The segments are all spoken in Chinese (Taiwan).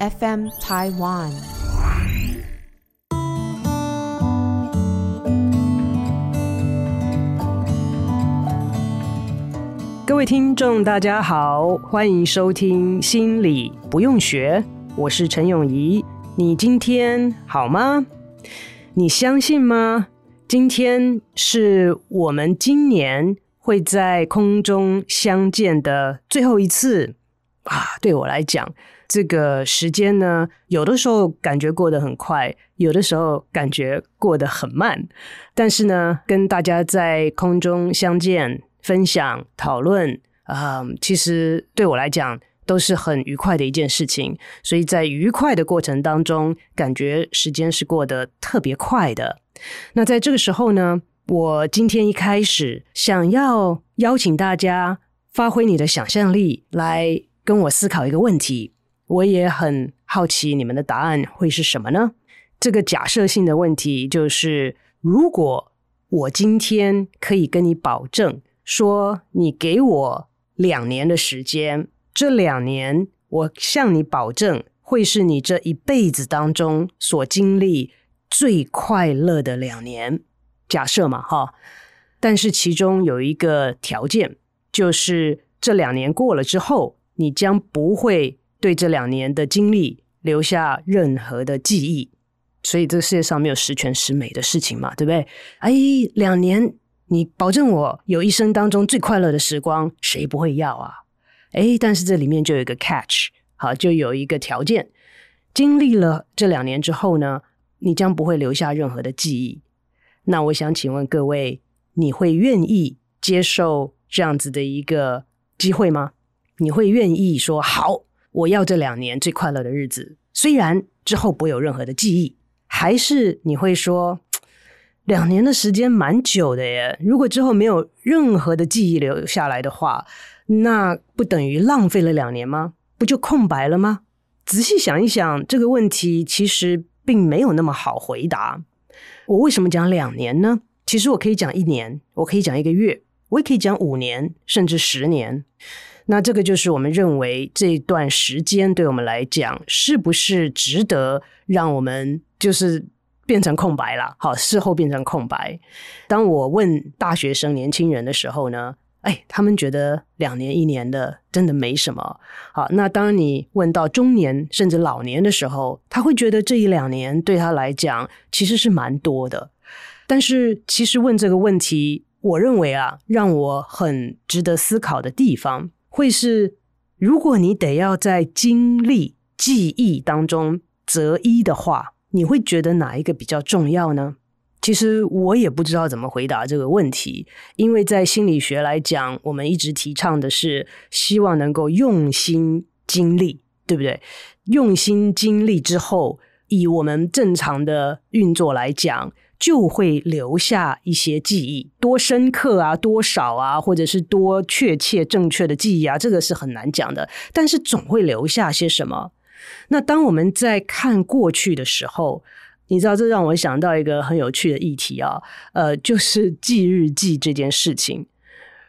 FM Taiwan。各位聽眾，大家好，歡迎收聽《心理不用學》，我是陳永儀。你今天好嗎？你相信嗎？今天是我們今年會在空中相見的最後一次啊！對我來講。這個時間呢，有的時候感覺過得很快，有的時候感覺過得很慢。但是呢，跟大家在空中相見、分享、討論，啊、呃，其實對我來講都是很愉快的一件事情。所以在愉快的過程當中，感覺時間是過得特別快的。那在這個時候呢，我今天一開始想要邀請大家發揮你的想象力，來跟我思考一個問題。我也很好奇你們的答案會是什麼呢？這個假設性的問題就是：如果我今天可以跟你保證說，你給我兩年的時間，這兩年我向你保證會是你這一輩子當中所經歷最快樂的兩年。假設嘛，哈。但是其中有一個條件，就是這兩年過了之後，你將不會對這兩年的經歷留下任何的記憶，所以這個世界上沒有十全十美的事情嘛，對不對？哎，兩年，你保證我有一生當中最快樂的時光，誰不會要啊？哎，但是這裡面就有一個 catch，好，就有一個條件，經歷了這兩年之後呢，你將不會留下任何的記憶。那我想請問各位，你會願意接受這樣子的一個機會嗎？你會願意說好，我要這兩年最快樂的日子，雖然之後不會有任何的記憶，還是你會說兩年的時間蠻久的耶。如果之後沒有任何的記憶留下來的話，那不等於浪費了兩年嗎？不就空白了嗎？仔細想一想，這個問題其實並沒有那麼好回答。我為什麼講兩年呢？其實我可以講一年，我可以講一個月，我也可以講五年，甚至十年。那這個就是我們認為這一段時間對我們來講是不是值得讓我們就是變成空白了？好，事後變成空白。當我問大學生、年輕人的時候呢，哎，他們覺得兩年、一年的真的沒什麼。好，那當你問到中年甚至老年的時候，他會覺得這一兩年對他來講其實是蠻多的。但是，其實問這個問題，我認為啊，讓我很值得思考的地方。會是，如果你得要在經歷記憶當中擇一的話，你會覺得哪一個比較重要呢？其實我也不知道怎麼回答這個問題，因為在心理學來講，我們一直提倡的是希望能夠用心經歷，對不對？用心經歷之後，以我們正常的運作來講。就會留下一些記憶，多深刻啊，多少啊，或者是多確切正確的記憶啊，這個是很難講的。但是總會留下些什麼。那當我們在看過去的時候，你知道，這讓我想到一個很有趣的議題啊，呃，就是記日記這件事情。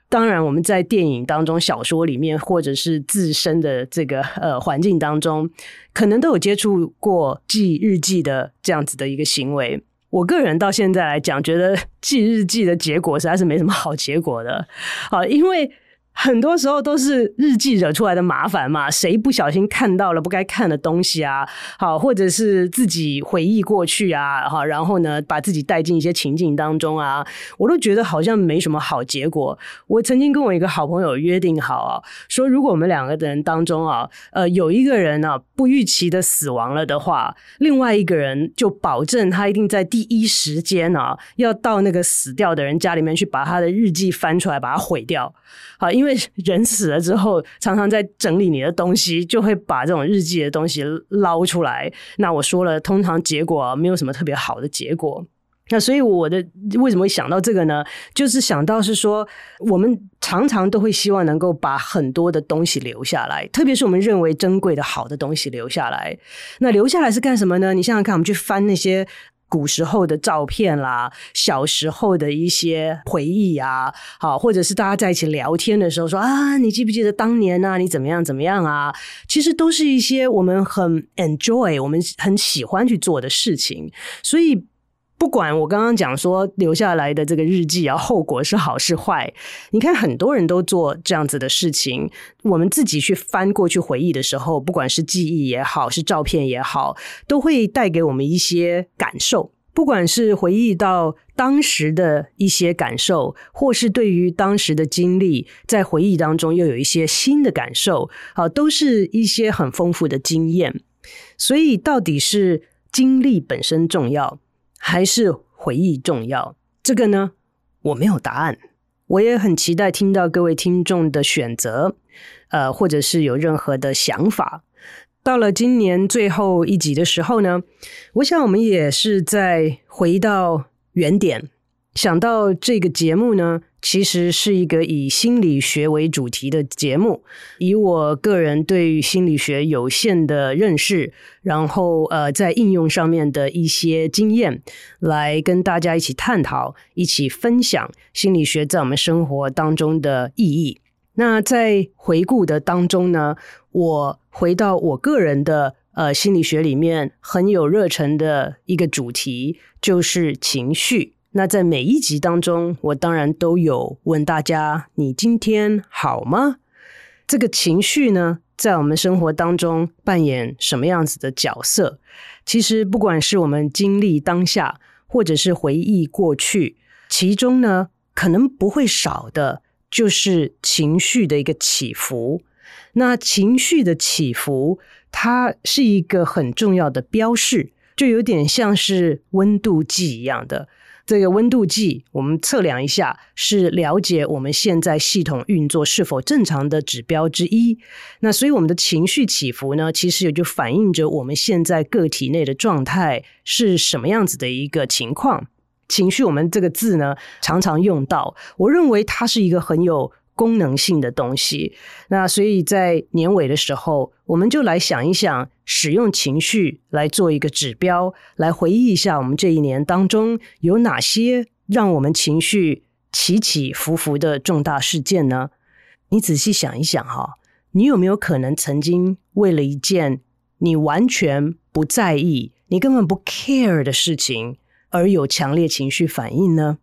當然，我們在電影當中、小說裡面，或者是自身的這個呃環境當中，可能都有接觸過記日記的這樣子的一個行為。我個人到現在來講，覺得記日記的結果實在是沒什麼好結果的，啊，因為。很多時候都是日記惹出來的麻煩嘛，誰不小心看到了不該看的東西啊？好，或者是自己回憶過去啊，好，然後呢，把自己帶進一些情境當中啊，我都覺得好像沒什麼好結果。我曾經跟我一個好朋友約定好啊，說如果我們兩個人當中啊，呃，有一個人呢，啊，不預期的死亡了的話，另外一個人就保證他一定在第一時間啊，要到那個死掉的人家裡面去把他的日記翻出來，把它毀掉。好，因為因為人死了之後，常常在整理你的東西，就會把這種日記的東西撈出來。那我說了，通常結果沒有什麼特別好的結果。那所以我的為什麼會想到這個呢？就是想到是說，我們常常都會希望能夠把很多的東西留下來，特別是我們認為珍貴的好的東西留下來。那留下來是幹什麼呢？你想想看，我們去翻那些。古時候的照片啦，小時候的一些回憶啊，好，或者是大家在一起聊天的時候說啊，你記不記得當年啊，你怎麼樣怎麼樣啊？其實都是一些我們很 enjoy，我們很喜歡去做的事情，所以。不管我剛剛講說留下來的這個日記啊，後果是好是壞，你看很多人都做這樣子的事情。我們自己去翻過去回憶的時候，不管是記憶也好，是照片也好，都會帶給我們一些感受。不管是回憶到當時的一些感受，或是對於當時的經歷，在回憶當中又有一些新的感受啊，都是一些很豐富的經驗。所以，到底是經歷本身重要？還是回憶重要？這個呢，我沒有答案，我也很期待聽到各位聽眾的選擇，呃，或者是有任何的想法。到了今年最後一集的時候呢，我想我們也是再回到原點，想到這個節目呢。其實是一個以心理學為主題的節目，以我個人對於心理學有限的認識，然後呃，在應用上面的一些經驗，來跟大家一起探討、一起分享心理學在我們生活當中的意義。那在回顧的當中呢，我回到我個人的呃心理學裡面很有熱忱的一個主題，就是情緒。那在每一集當中，我當然都有問大家：“你今天好嗎？”這個情緒呢，在我們生活當中扮演什麼樣子的角色？其實，不管是我們經歷當下，或者是回憶過去，其中呢，可能不會少的就是情緒的一個起伏。那情緒的起伏，它是一個很重要的標示，就有點像是溫度計一樣的。這個溫度計，我們測量一下，是了解我們現在系統運作是否正常的指標之一。那所以，我們的情緒起伏呢，其實也就反映着我們現在個體內的狀態是什麼樣子的一個情況。情緒，我們這個字呢，常常用到，我認為它是一個很有功能性的東西，那所以在年尾的時候，我們就來想一想，使用情緒來做一個指標，來回憶一下我們這一年當中有哪些讓我們情緒起起伏伏的重大事件呢？你仔細想一想哈，你有沒有可能曾經為了一件你完全不在意、你根本不 care 的事情而有強烈情緒反應呢？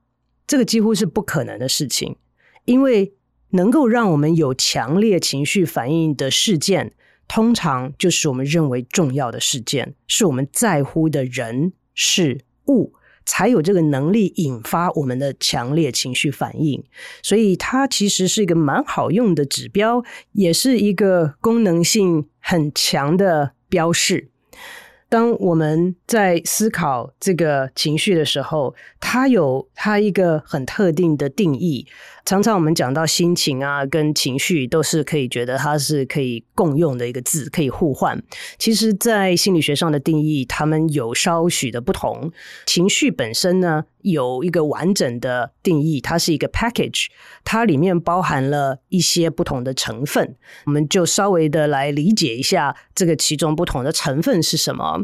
這個幾乎是不可能的事情，因為。能夠讓我們有強烈情緒反應的事件，通常就是我們認為重要的事件，是我們在乎的人事物，才有這個能力引發我們的強烈情緒反應。所以它其實是一個蠻好用的指標，也是一個功能性很強的標示。當我們在思考這個情緒的時候，它有它一個很特定的定義。常常我們講到心情啊，跟情緒都是可以覺得它是可以。共用的一個字可以互換。其實在心理學上的定義，它們有稍許的不同。情緒本身呢，有一個完整的定義，它是一個 package，它裡面包含了一些不同的成分。我們就稍微的來理解一下這個其中不同的成分是什麼？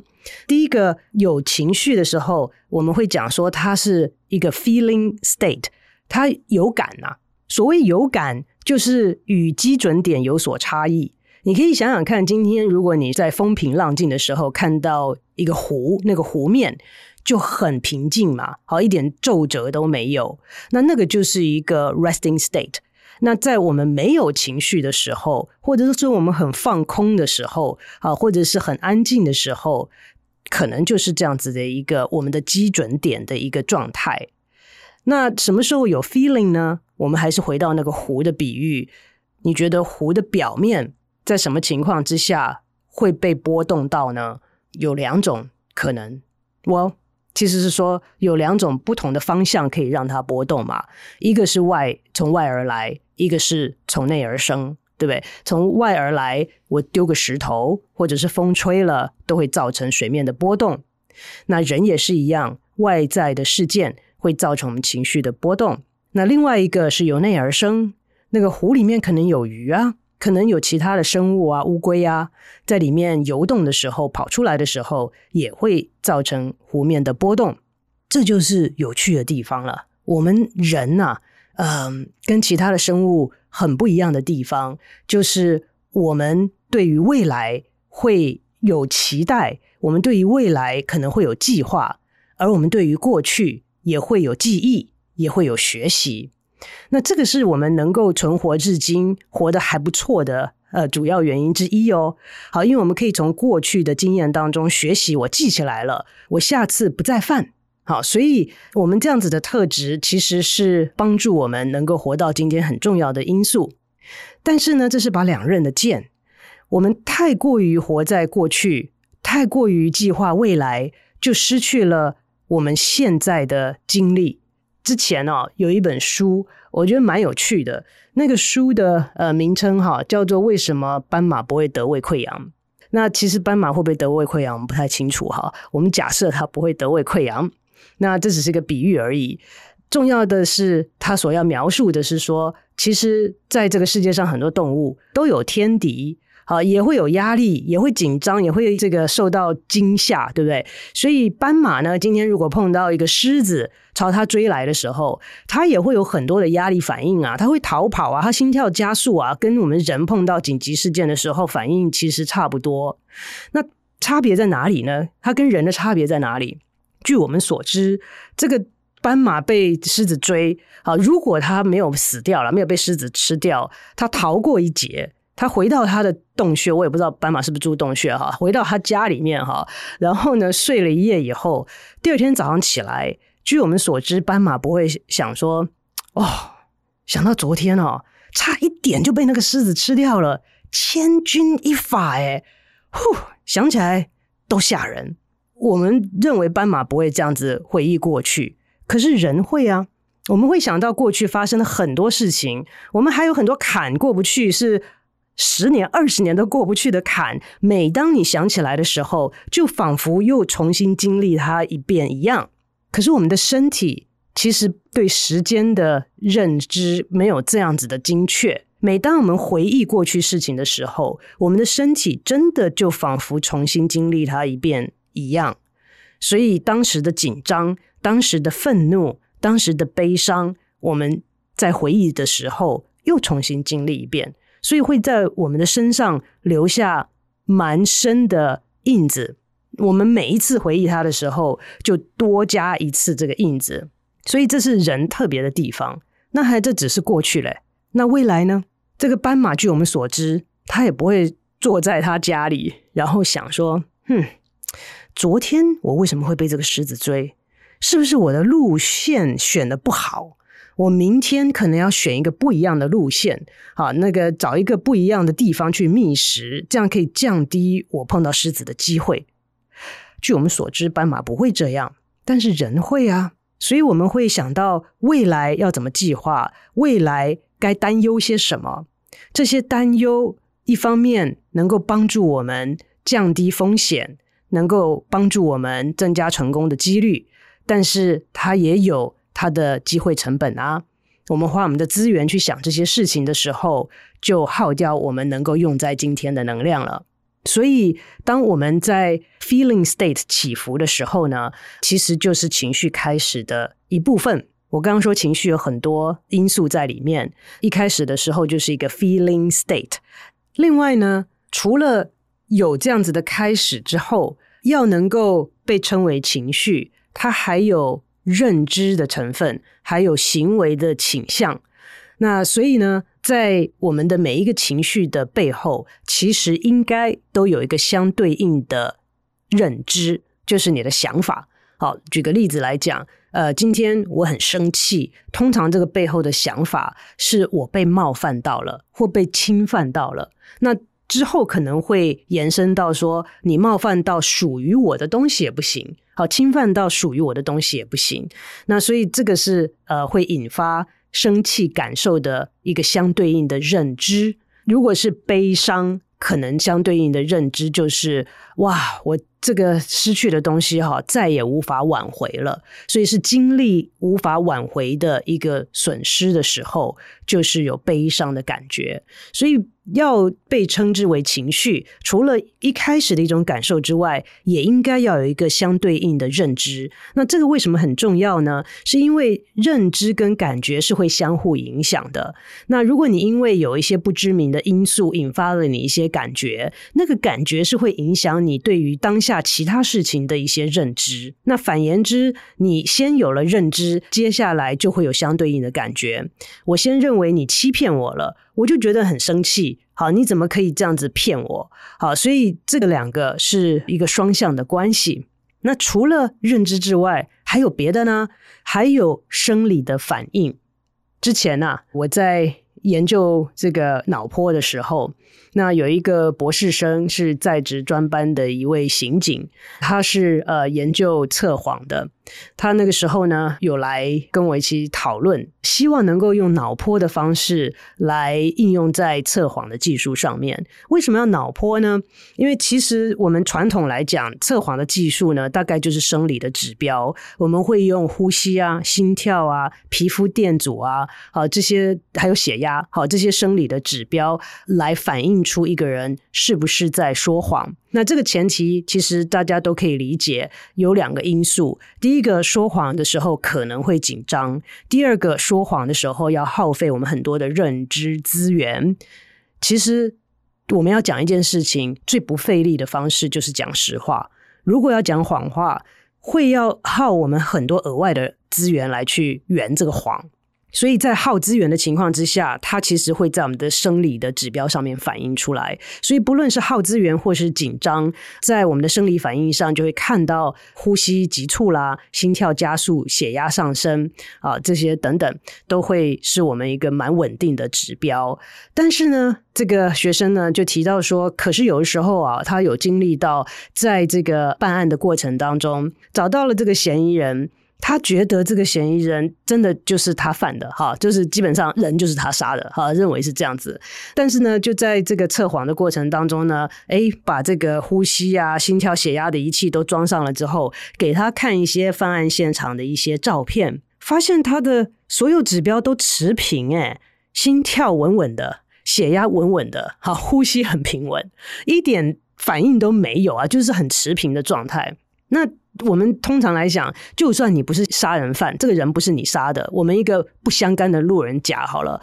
第一個有情緒的時候，我們會講說它是一個 feeling state，它有感吶、啊。所謂有感，就是與基準點有所差異。你可以想想看，今天如果你在風平浪靜的時候看到一個湖，那個湖面就很平靜嘛，好，一點皺褶都沒有。那那個就是一個 resting state。那在我們沒有情緒的時候，或者是說我們很放空的時候，啊，或者是很安靜的時候，可能就是這樣子的一個我們的基準點的一個狀態。那什麼時候有 feeling 呢？我們還是回到那個湖的比喻，你覺得湖的表面？在什麼情況之下會被波動到呢？有兩種可能，我、well, 其實是說有兩種不同的方向可以讓它波動嘛。一個是外從外而來，一個是從內而生，對不對？從外而來，我丟個石頭或者是風吹了，都會造成水面的波動。那人也是一樣，外在的事件會造成我們情緒的波動。那另外一個是由內而生，那個湖裡面可能有魚啊。可能有其他的生物啊，烏龜啊，在裡面游動的時候，跑出來的時候，也會造成湖面的波動。這就是有趣的地方了。我們人呐，啊，嗯，跟其他的生物很不一樣的地方，就是我們對於未來會有期待，我們對於未來可能會有計劃，而我們對於過去也會有記憶，也會有學習。那這個是我們能夠存活至今，活得還不錯的，呃主要原因之一哦。好，因為我們可以從過去的經驗當中學習，我記起來了，我下次不再犯。好，所以我們這樣子的特質其實是幫助我們能夠活到今天很重要的因素。但是呢，這是把兩刃的劍，我們太過於活在過去，太過於計劃未來，就失去了我們現在的精力。之前哦，有一本書，我覺得蠻有趣的。那個書的呃名稱哈，叫做《為什麼斑馬不會得胃潰瘍》。那其實斑馬會不會得胃潰瘍，我們不太清楚哈。我們假設它不會得胃潰瘍，那這只是一個比喻而已。重要的是，他所要描述的是說，其實在這個世界上，很多動物都有天敵。啊，也會有壓力，也會緊張，也會這個受到驚嚇，對不對？所以斑馬呢，今天如果碰到一個獅子朝它追來的時候，它也會有很多的壓力反應啊，它會逃跑啊，它心跳加速啊，跟我們人碰到緊急事件的時候反應其實差不多。那差別在哪裡呢？它跟人的差別在哪裡？據我們所知，這個斑馬被獅子追啊，如果它沒有死掉了，沒有被獅子吃掉，它逃過一劫。他回到他的洞穴，我也不知道斑馬是不是住洞穴哈。回到他家裡面哈，然後呢睡了一夜以後，第二天早上起來，據我們所知，斑馬不會想說哦，想到昨天哦，差一點就被那個獅子吃掉了，千鈞一髮誒。呼，想起來都嚇人。我們認為斑馬不會這樣子回憶過去，可是人會啊，我們會想到過去發生了很多事情，我們還有很多坎過不去是。十年、二十年都過不去的坎，每當你想起來的時候，就仿佛又重新經歷它一遍一樣。可是我們的身體其實對時間的認知沒有這樣子的精確。每當我們回憶過去事情的時候，我們的身體真的就仿佛重新經歷它一遍一樣。所以當時的緊張、當時的憤怒、當時的悲傷，我們在回憶的時候又重新經歷一遍。所以會在我們的身上留下蠻深的印子。我們每一次回憶他的時候，就多加一次這個印子。所以這是人特別的地方。那還這只是過去了。那未來呢？這個斑馬，據我們所知，他也不會坐在他家裡，然後想說：“哼、嗯，昨天我為什麼會被這個獅子追？是不是我的路線選的不好？”我明天可能要選一個不一樣的路線，啊，那個找一個不一樣的地方去覓食，這樣可以降低我碰到獅子的機會。據我們所知，斑馬不會這樣，但是人會啊，所以我們會想到未來要怎麼計劃，未來該擔憂些什麼。這些擔憂一方面能夠幫助我們降低風險，能夠幫助我們增加成功的幾率，但是它也有。它的機會成本啊，我們花我們的資源去想這些事情的時候，就耗掉我們能夠用在今天的能量了。所以，當我們在 feeling state 起伏的時候呢，其實就是情緒開始的一部分。我剛剛說情緒有很多因素在裡面，一開始的時候就是一個 feeling state。另外呢，除了有這樣子的開始之後，要能夠被稱為情緒，它還有。認知的成分，還有行為的傾向。那所以呢，在我們的每一個情緒的背後，其實應該都有一個相對應的認知，就是你的想法。好，舉個例子來講，呃，今天我很生氣，通常這個背後的想法是我被冒犯到了，或被侵犯到了。那之後可能會延伸到說，你冒犯到屬於我的東西也不行，好，侵犯到屬於我的東西也不行。那所以這個是呃會引發生氣感受的一個相對應的認知。如果是悲傷，可能相對應的認知就是哇，我這個失去的東西，好，再也無法挽回，了，所以是經歷無法挽回的一個損失的時候。就是有悲傷的感覺，所以要被稱之為情緒，除了一開始的一種感受之外，也應該要有一個相對應的認知。那這個為什麼很重要呢？是因為認知跟感覺是會相互影響的。那如果你因為有一些不知名的因素引發了你一些感覺，那個感覺是會影響你對於當下其他事情的一些認知。那反言之，你先有了認知，接下來就會有相對應的感覺。我先認為因為你欺騙我了，我就覺得很生氣。好，你怎麼可以這樣子騙我？好，所以這個兩個是一個雙向的關係。那除了認知之外，還有別的呢？還有生理的反應。之前呢、啊，我在。研究這個腦波的時候，那有一個博士生是在職專班的一位刑警，他是呃研究測謊的。他那個時候呢，有來跟我一起討論，希望能夠用腦波的方式來應用在測謊的技術上面。為什麼要腦波呢？因為其實我們傳統來講，測謊的技術呢，大概就是生理的指標，我們會用呼吸啊、心跳啊、皮膚電阻啊啊、呃、這些，還有血壓。好，這些生理的指標來反映出一個人是不是在說謊。那這個前提其實大家都可以理解，有兩個因素：第一個，說謊的時候可能會緊張；第二個，說謊的時候要耗費我們很多的認知資源。其實，我們要講一件事情最不費力的方式就是講實話。如果要講謊話，會要耗我們很多額外的資源來去圓這個謊。所以在耗資源的情況之下，它其實會在我們的生理的指標上面反映出來。所以不論是耗資源或是緊張，在我們的生理反應上，就會看到呼吸急促啦、心跳加速、血壓上升，啊這些等等，都會是我們一個蠻穩定的指標。但是呢，這個學生呢就提到說，可是有的時候啊，他有經歷到在這個辦案的過程當中，找到了這個嫌疑人。他覺得這個嫌疑人真的就是他犯的哈，就是基本上人就是他殺的哈，認為是這樣子。但是呢，就在這個測謊的過程當中呢，誒，把這個呼吸啊、心跳、血壓的儀器都裝上了之後，給他看一些犯案現場的一些照片，發現他的所有指標都持平，誒，心跳穩穩的，血壓穩穩的，好，呼吸很平穩，一點反應都沒有啊，就是很持平的狀態。那我們通常來講，就算你不是殺人犯，這個人不是你殺的，我們一個不相干的路人甲好了，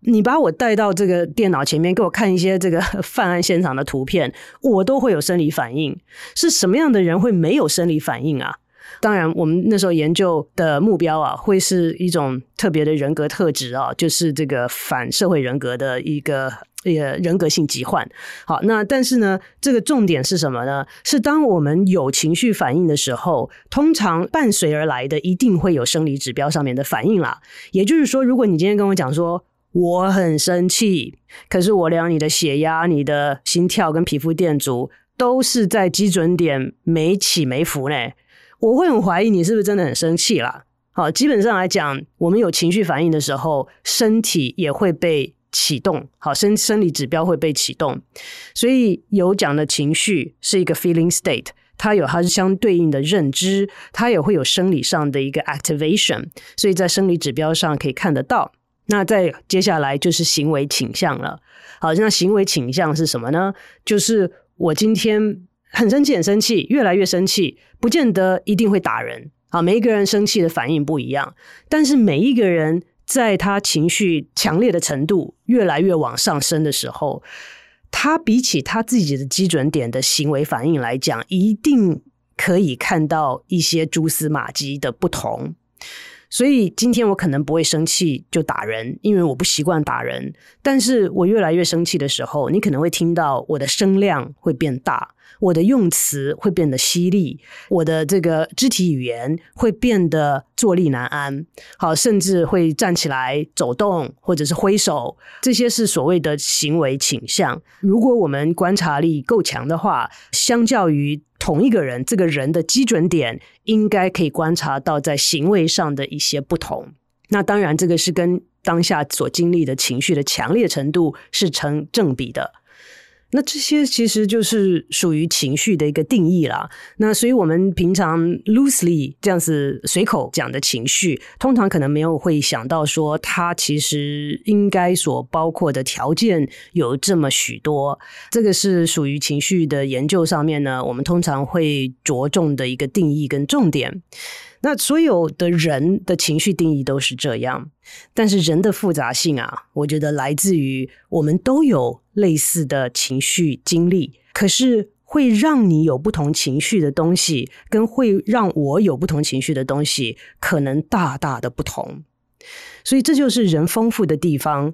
你把我帶到這個電腦前面，給我看一些這個犯案現場的圖片，我都會有生理反應。是什麼樣的人會沒有生理反應啊？當然，我們那時候研究的目標啊，會是一種特別的人格特質啊，就是這個反社會人格的一個，一個人格性疾患。好，那但是呢，這個重點是什麼呢？是當我們有情緒反應的時候，通常伴隨而來的一定會有生理指標上面的反應啦。也就是說，如果你今天跟我講說我很生氣，可是我量你的血壓、你的心跳跟皮膚電阻都是在基準點沒起沒伏呢。我會很懷疑你是不是真的很生氣啦。好，基本上來講，我們有情緒反應的時候，身體也會被啟動，好生生理指標會被啟動。所以有講的情緒是一個 feeling state，它有它是相對應的認知，它也會有生理上的一個 activation。所以在生理指標上可以看得到。那再接下來就是行為傾向了。好，那行為傾向是什麼呢？就是我今天。很生氣，很生氣，越來越生氣，不見得一定會打人。啊，每一個人生氣的反應不一樣，但是每一個人在他情緒強烈的程度越來越往上升的時候，他比起他自己的基準點的行為反應來講，一定可以看到一些蛛絲馬跡的不同。所以今天我可能不會生氣就打人，因為我不習慣打人，但是我越來越生氣的時候，你可能會聽到我的聲量會變大。我的用詞會變得犀利，我的這個肢體語言會變得坐立難安，好，甚至會站起來走動，或者是揮手，這些是所謂的行為傾向。如果我們觀察力夠強的話，相較於同一個人，這個人的基準點應該可以觀察到在行為上的一些不同。那當然，這個是跟當下所經歷的情緒的強烈程度是成正比的。那這些其實就是屬於情緒的一個定義啦。那所以我們平常 loosely 這樣子隨口講的情緒，通常可能沒有會想到說它其實應該所包括的條件有這麼許多。這個是屬於情緒的研究上面呢，我們通常會着重的一個定義跟重點。那所有的人的情緒定義都是這樣，但是人的複雜性啊，我覺得來自於我們都有類似的情緒經歷，可是會讓你有不同情緒的東西，跟會讓我有不同情緒的東西，可能大大的不同，所以這就是人豐富的地方。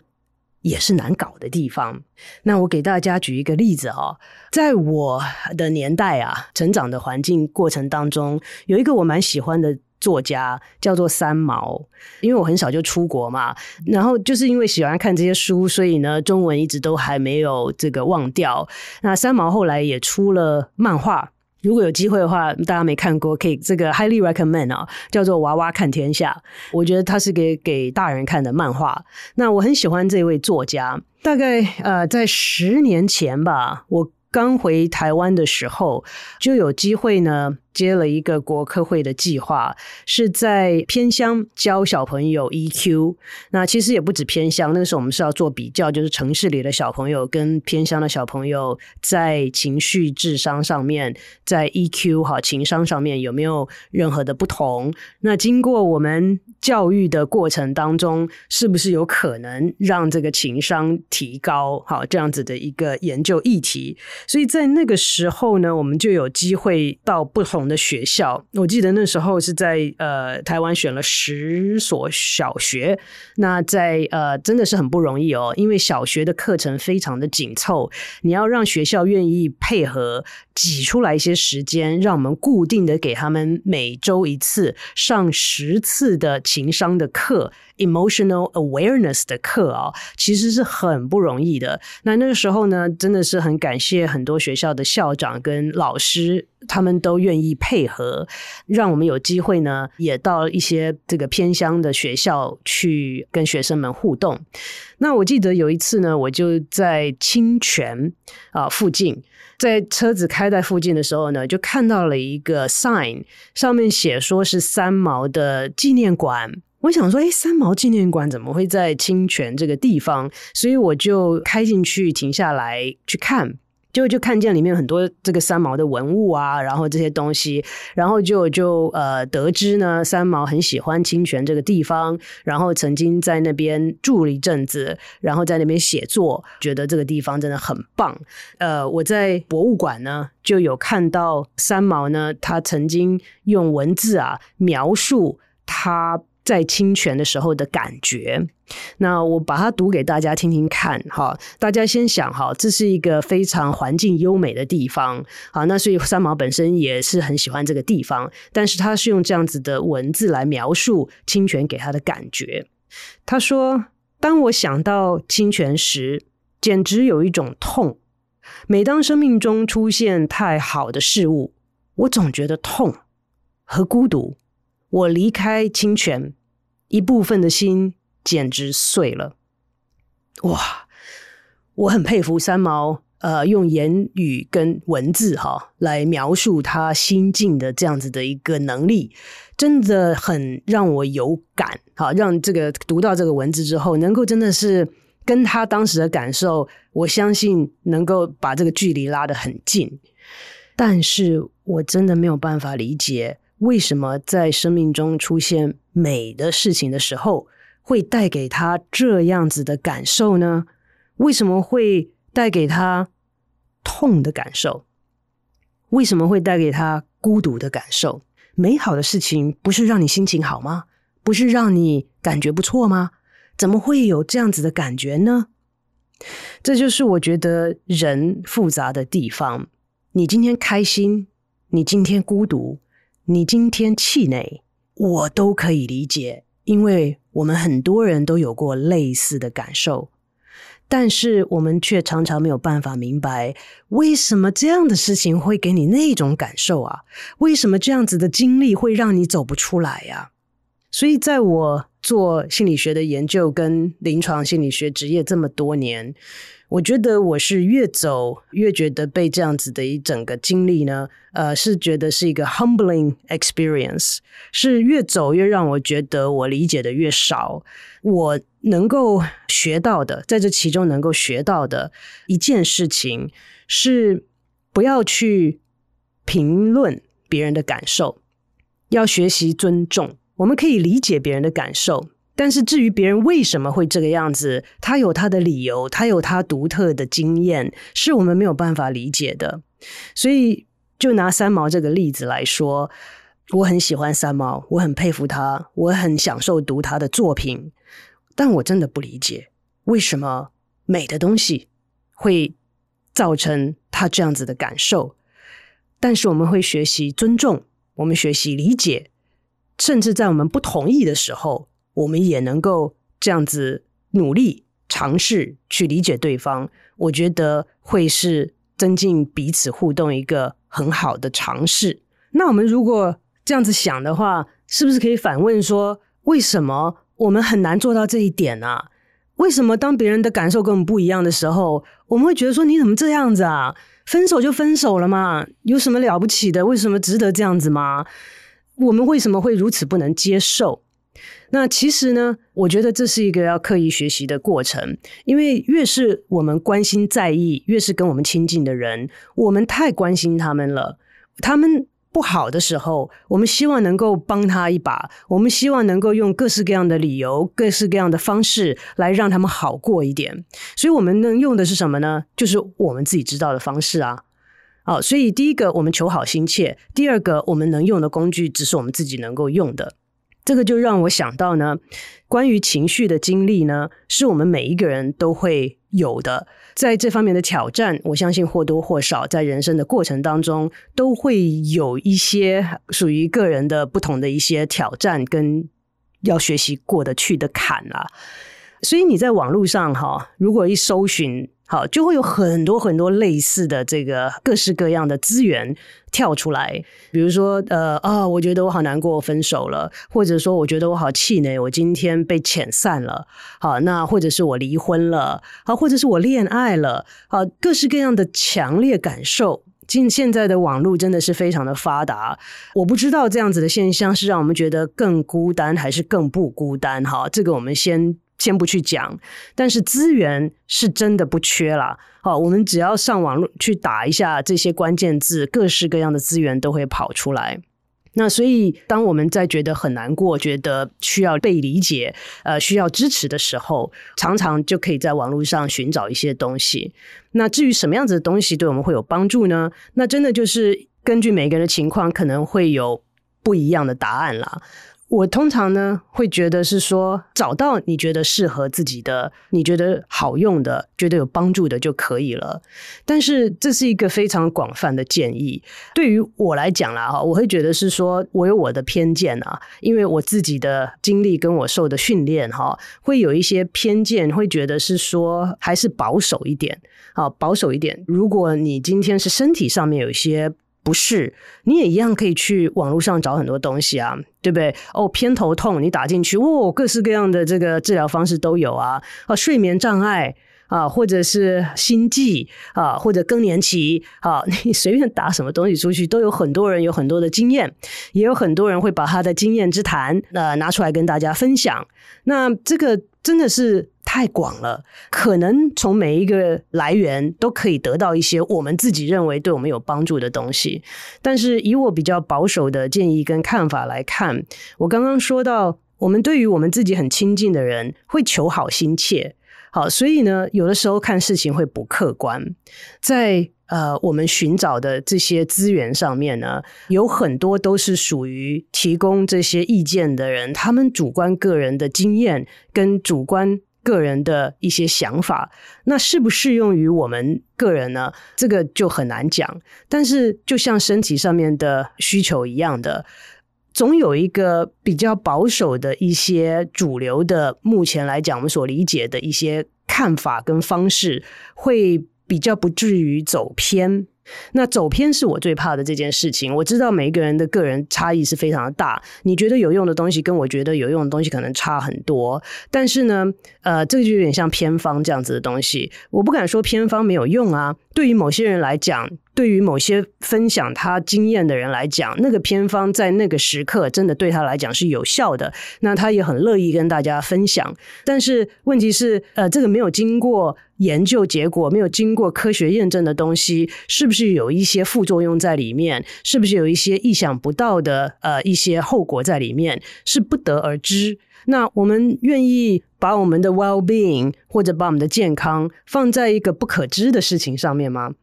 也是難搞的地方。那我給大家舉一個例子哈、哦，在我的年代啊，成長的環境過程當中，有一個我蠻喜歡的作家叫做三毛。因為我很小就出國嘛，然後就是因為喜歡看這些書，所以呢，中文一直都還沒有這個忘掉。那三毛後來也出了漫畫。如果有機會的話，大家沒看過可以這個 highly recommend 哦，叫做《娃娃看天下》，我覺得它是給給大人看的漫畫。那我很喜歡這位作家，大概呃在十年前吧，我剛回台灣的時候就有機會呢。接了一個國科會的計劃，是在偏鄉教小朋友 EQ。那其實也不止偏鄉，那個時候我們是要做比較，就是城市裡的小朋友跟偏鄉的小朋友在情緒智商上面，在 EQ 哈，情商上面有沒有任何的不同？那經過我們教育的過程當中，是不是有可能讓這個情商提高？哈，這樣子的一個研究議題。所以在那個時候呢，我們就有機會到不同的學校，我記得那時候是在呃台灣選了十所小學，那在呃真的是很不容易哦，因為小學的課程非常的緊湊，你要讓學校願意配合擠出來一些時間，讓我們固定的給他們每周一次上十次的情商的課 （emotional awareness 的課）哦，其實是很不容易的。那那個時候呢，真的是很感謝很多學校的校長跟老師。他們都願意配合，讓我們有機會呢，也到一些這個偏鄉的學校去跟學生們互動。那我記得有一次呢，我就在清泉啊附近，在車子開在附近的時候呢，就看到了一個 sign，上面寫說是三毛的紀念館。我想說，哎，三毛紀念館怎麼會在清泉這個地方？所以我就開進去停下來去看。就就看見裡面很多這個三毛的文物啊，然後這些東西，然後就就呃得知呢，三毛很喜歡清泉這個地方，然後曾經在那邊住了一陣子，然後在那邊寫作，覺得這個地方真的很棒。呃，我在博物館呢就有看到三毛呢，他曾經用文字啊描述他在清泉的時候的感覺，那我把它讀給大家聽聽看，哈，大家先想哈，這是一個非常環境優美的地方，好，那所以三毛本身也是很喜歡這個地方，但是他是用這樣子的文字來描述清泉給他的感覺。他說：“當我想到清泉時，簡直有一種痛。每當生命中出現太好的事物，我總覺得痛和孤獨。我離開清泉。”一部分的心簡直碎了，哇！我很佩服三毛，呃，用言語跟文字哈來描述他心境的這樣子的一個能力，真的很讓我有感。哈，讓這個讀到這個文字之後，能夠真的是跟他當時的感受，我相信能夠把這個距離拉得很近。但是我真的沒有辦法理解。為什麼在生命中出現美的事情的時候，會帶給他這樣子的感受呢？為什麼會帶給他痛的感受？為什麼會帶給他孤獨的感受？美好的事情不是讓你心情好嗎？不是讓你感覺不錯嗎？怎麼會有這樣子的感覺呢？這就是我覺得人複雜的地方。你今天開心，你今天孤獨。你今天氣餒，我都可以理解，因為我們很多人都有過類似的感受，但是我們卻常常沒有辦法明白，為什麼這樣的事情會給你那種感受啊？為什麼這樣子的經歷會讓你走不出來啊。所以，在我做心理學的研究跟臨床心理學職業這麼多年。我覺得我是越走越覺得被這樣子的一整個經歷呢，呃，是覺得是一個 humbling experience，是越走越讓我覺得我理解得越少，我能夠學到的，在這其中能夠學到的一件事情是不要去評論別人的感受，要學習尊重，我們可以理解別人的感受。但是，至於別人為什麼會這個樣子，他有他的理由，他有他獨特的經驗，是我們沒有辦法理解的。所以，就拿三毛這個例子來說，我很喜歡三毛，我很佩服他，我很享受讀他的作品，但我真的不理解為什麼美的東西會造成他這樣子的感受。但是，我們會學習尊重，我們學習理解，甚至在我們不同意的時候。我們也能夠這樣子努力嘗試去理解對方，我覺得會是增進彼此互動一個很好的嘗試。那我們如果這樣子想的話，是不是可以反問說：為什麼我們很難做到這一點呢啊？為什麼當別人的感受跟我們不一樣的時候，我們會覺得說你怎麼這樣子啊？分手就分手了嘛，有什麼了不起的？為什麼值得這樣子嗎？我們為什麼會如此不能接受？那其實呢，我覺得這是一個要刻意學習的過程，因為越是我們關心在意、越是跟我們親近的人，我們太關心他們了。他們不好的時候，我們希望能夠幫他一把，我們希望能夠用各式各樣的理由、各式各樣的方式來讓他們好過一點。所以，我們能用的是什麼呢？就是我們自己知道的方式啊。哦，所以第一個，我們求好心切；第二個，我們能用的工具只是我們自己能夠用的。這個就讓我想到呢，關於情緒的經歷呢，是我們每一個人都會有的，在這方面的挑戰，我相信或多或少在人生的過程當中，都會有一些屬於個人的不同的一些挑戰跟要學習過得去的坎啊。所以你在網絡上哈，如果一搜尋，哈，就會有很多很多類似的這個各式各樣的資源。跳出來，比如說，呃，啊、哦，我覺得我好難過，分手了，或者說，我覺得我好氣餒，我今天被遣散了，好，那或者是我離婚了，啊，或者是我戀愛了，啊，各式各樣的強烈感受。現現在的網絡真的是非常的發達，我不知道這樣子的現象是讓我們覺得更孤單還是更不孤單，哈，這個我們先先不去講，但是資源是真的不缺了。好，我們只要上網路去打一下這些關鍵字，各式各樣的資源都會跑出來。那所以，當我們在覺得很難過、覺得需要被理解、呃需要支持的時候，常常就可以在網路上尋找一些東西。那至於什麼樣子的東西對我們會有幫助呢？那真的就是根據每個人的情況，可能會有不一樣的答案了。我通常呢會覺得是說，找到你覺得適合自己的，你覺得好用的，覺得有幫助的就可以了。但是這是一個非常廣泛的建議。對於我來講啦，哈，我會覺得是說，我有我的偏見啊，因為我自己的經歷跟我受的訓練哈，啊，會有一些偏見，會覺得是說還是保守一點，保守一點。如果你今天是身體上面有一些。不是，你也一樣可以去網絡上找很多東西啊，對不對？哦，偏頭痛，你打進去，哇、哦，各式各樣的這個治療方式都有啊，啊、哦，睡眠障礙。啊，或者是心悸啊，或者更年期啊，你隨便打什麼東西出去，都有很多人有很多的經驗，也有很多人會把他的經驗之談呃拿出來跟大家分享。那這個真的是太廣了，可能從每一個來源都可以得到一些我們自己認為對我們有幫助的東西。但是以我比較保守的建議跟看法來看，我剛剛說到，我們對於我們自己很親近的人會求好心切。好，所以呢，有的時候看事情會不客觀，在呃，我們尋找的這些資源上面呢，有很多都是屬於提供這些意見的人，他們主觀個人的經驗跟主觀個人的一些想法，那適不適用於我們個人呢，這個就很難講。但是，就像身體上面的需求一樣的。總有一個比較保守的一些主流的，目前來講我們所理解的一些看法跟方式，會比較不至於走偏。那走偏是我最怕的這件事情。我知道每一個人的個人差異是非常的大，你覺得有用的東西跟我覺得有用的東西可能差很多。但是呢，呃，這個就有點像偏方這樣子的東西，我不敢說偏方沒有用啊。對於某些人來講，對於某些分享他經驗的人來講，那個偏方在那個時刻真的對他來講是有效的，那他也很樂意跟大家分享。但是問題是，呃，這個沒有經過研究結果、沒有經過科學驗證的東西，是不是有一些副作用在裡面？是不是有一些意想不到的，呃，一些後果在裡面？是不得而知。那我們願意把我們的 well-being 或者把我們的健康放在一個不可知的事情上面嗎？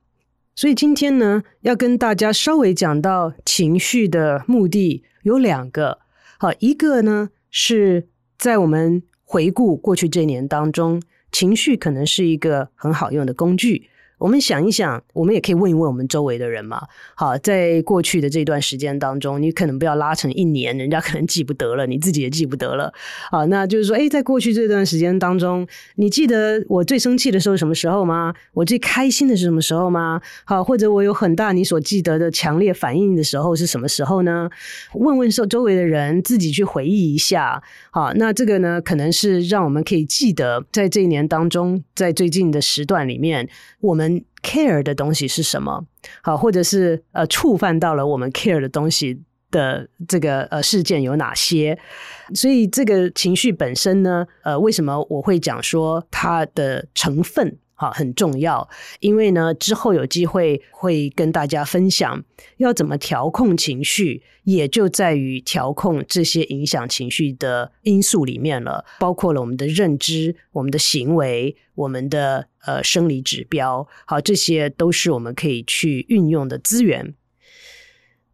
所以今天呢，要跟大家稍微講到情緒的目的有兩個。好，一個呢是在我們回顧過去這年當中，情緒可能是一個很好用的工具。我們想一想，我們也可以問一問我們周圍的人嘛。好，在過去的這段時間當中，你可能不要拉成一年，人家可能記不得了，你自己也記不得了。好，那就是說，誒，在過去這段時間當中，你記得我最生氣的時候是什麼時候嗎？我最開心的是什麼時候嗎？好，或者我有很大你所記得的強烈反應的時候是什麼時候呢？問問說周圍的人，自己去回憶一下。好，那這個呢，可能是讓我們可以記得在這一年當中，在最近的時段裡面，我們。care 的東西是什麼？好，或者是呃觸犯到了我們 care 的東西的這個呃事件有哪些？所以這個情緒本身呢，呃，為什麼我會講說它的成分好很重要？因為呢，之後有機會會跟大家分享要怎麼調控情緒，也就在於調控這些影響情緒的因素裡面了，包括了我們的認知、我們的行為、我們的。呃，生理指標，好，這些都是我們可以去運用的資源。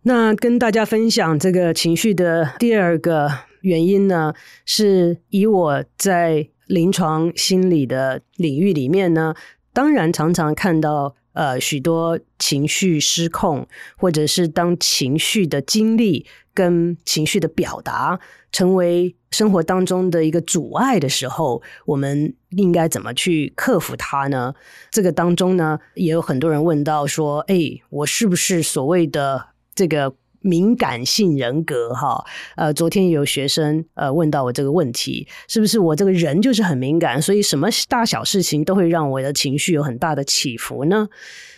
那跟大家分享這個情緒的第二個原因呢，是以我在臨床心理的領域裡面呢，當然常常看到。呃，許多情緒失控，或者是當情緒的經歷跟情緒的表達成為生活當中的一個阻礙的時候，我們應該怎麼去克服它呢？這個當中呢，也有很多人問到說：“誒、哎，我是不是所謂的這個？”敏感性人格，哈，呃，昨天有學生呃問到我這個問題，是不是我這個人就是很敏感，所以什麼大小事情都會讓我的情緒有很大的起伏呢？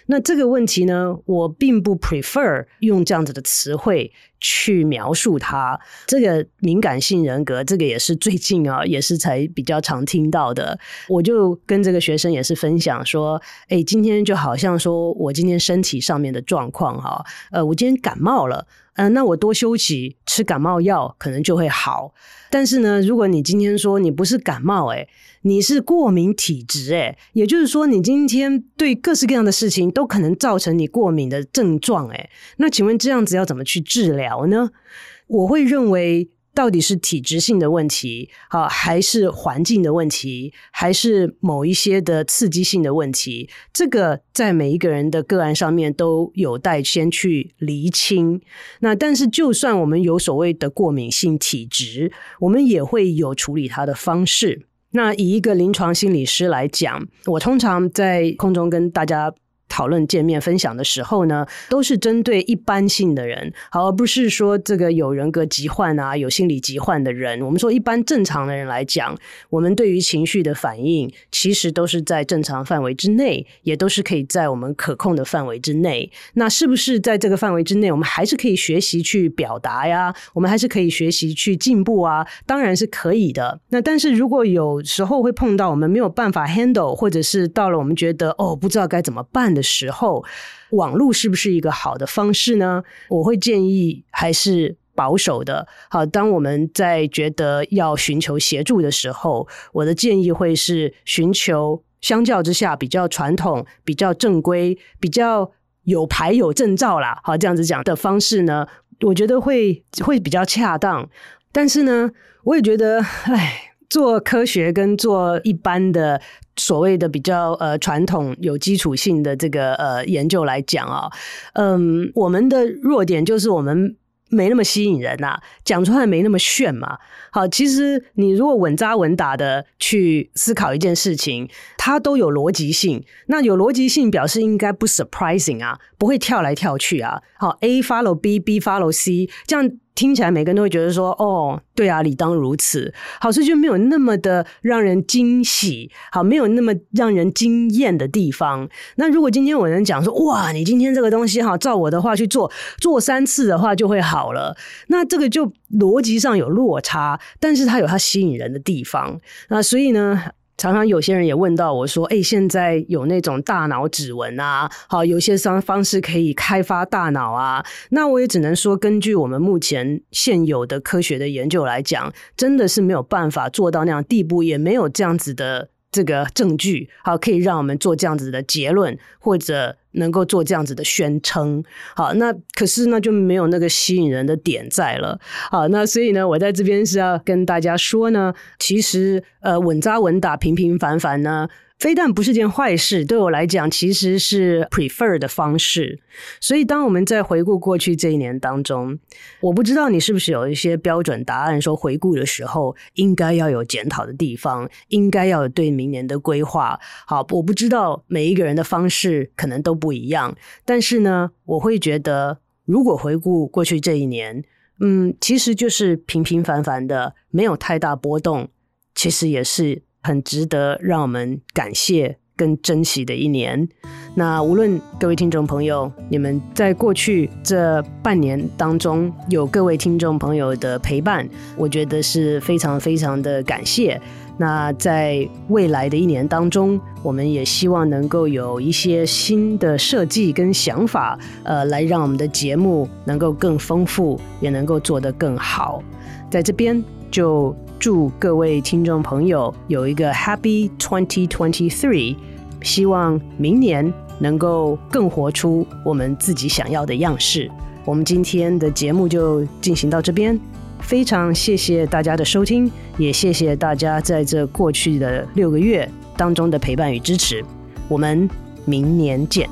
那這個問題呢，我並不 prefer 用這樣子的詞彙去描述它。這個敏感性人格，這個也是最近啊，也是才比較常聽到的。我就跟這個學生也是分享說，哎，今天就好像說我今天身體上面的狀況哈、啊，呃，我今天感冒了。嗯、呃，那我多休息，吃感冒藥可能就會好。但是呢，如果你今天說你不是感冒、欸，誒，你是過敏體質，誒，也就是說你今天對各式各樣的事情都可能造成你過敏的症狀，誒。那請問這樣子要怎麼去治療呢？我會認為。到底是體質性的問題，好、啊、還是環境的問題，還是某一些的刺激性的問題？這個在每一個人的個案上面都有待先去釐清。那但是，就算我們有所謂的過敏性體質，我們也會有處理它的方式。那以一個臨床心理師來講，我通常在空中跟大家。討論見面分享的時候呢，都是針對一般性的人，好，而不是說這個有人格疾患啊，有心理疾患的人。我們說一般正常的人來講，我們對於情緒的反應，其實都是在正常範圍之內，也都是可以在我們可控的範圍之內。那是不是在這個範圍之內，我們還是可以學習去表達呀？我們還是可以學習去進步啊？當然是可以的。那但是如果有時候會碰到我們沒有辦法 handle，或者是到了我們覺得哦，不知道該怎麼辦。的時候，網路是不是一個好的方式呢？我會建議還是保守的。好，當我們在覺得要尋求協助的時候，我的建議會是尋求相較之下比較傳統、比較正規、比較有牌有證照啦。好，這樣子講的方式呢，我覺得會會比較恰當。但是呢，我也覺得，哎，做科學跟做一般的。所謂的比較呃傳統有基礎性的這個呃研究來講啊、哦，嗯，我們的弱點就是我們沒那麼吸引人吶、啊，講出來沒那麼炫嘛。好，其實你如果穩扎穩打的去思考一件事情，它都有邏輯性。那有邏輯性表示應該不 surprising 啊，不會跳來跳去啊。好，A follow B，B follow C，這樣。聽起來每個人都會覺得說，哦，對啊，理當如此。好，所以就沒有那麼的讓人驚喜，好，沒有那麼讓人驚艷的地方。那如果今天我能講說，哇，你今天這個東西哈，照我的話去做，做三次的話就會好了。那這個就邏輯上有落差，但是它有它吸引人的地方啊，那所以呢。常常有些人也問到我說：“誒、欸，現在有那種大腦指紋啊？好，有些方方式可以開發大腦啊？那我也只能說，根據我們目前現有的科學的研究來講，真的是沒有辦法做到那樣地步，也沒有這樣子的。”這個證據好，可以讓我們做這樣子的結論，或者能夠做這樣子的宣稱。好，那可是呢，就沒有那個吸引人的點在了。好，那所以呢，我在這邊是要跟大家說呢，其實呃，穩紮穩打、平平凡凡呢。非但不是件壞事，對我來講其實是 prefer 的方式。所以，當我們在回顧過去這一年當中，我不知道你是不是有一些標準答案，說回顧的時候應該要有檢討的地方，應該要有對明年的規劃。好，我不知道每一個人的方式可能都不一樣，但是呢，我會覺得，如果回顧過去這一年，嗯，其實就是平平凡凡的，沒有太大波動，其實也是。很值得讓我們感謝跟珍惜的一年。那無論各位聽眾朋友，你們在過去這半年當中有各位聽眾朋友的陪伴，我覺得是非常非常的感謝。那在未來的一年當中，我們也希望能夠有一些新的設計跟想法，呃，來讓我們的節目能夠更豐富，也能夠做得更好。在這邊。就祝各位聽眾朋友有一個 Happy 2023，希望明年能夠更活出我們自己想要的樣式。我們今天的節目就進行到這邊，非常謝謝大家的收聽，也謝謝大家在這過去的六個月當中的陪伴與支持。我們明年見。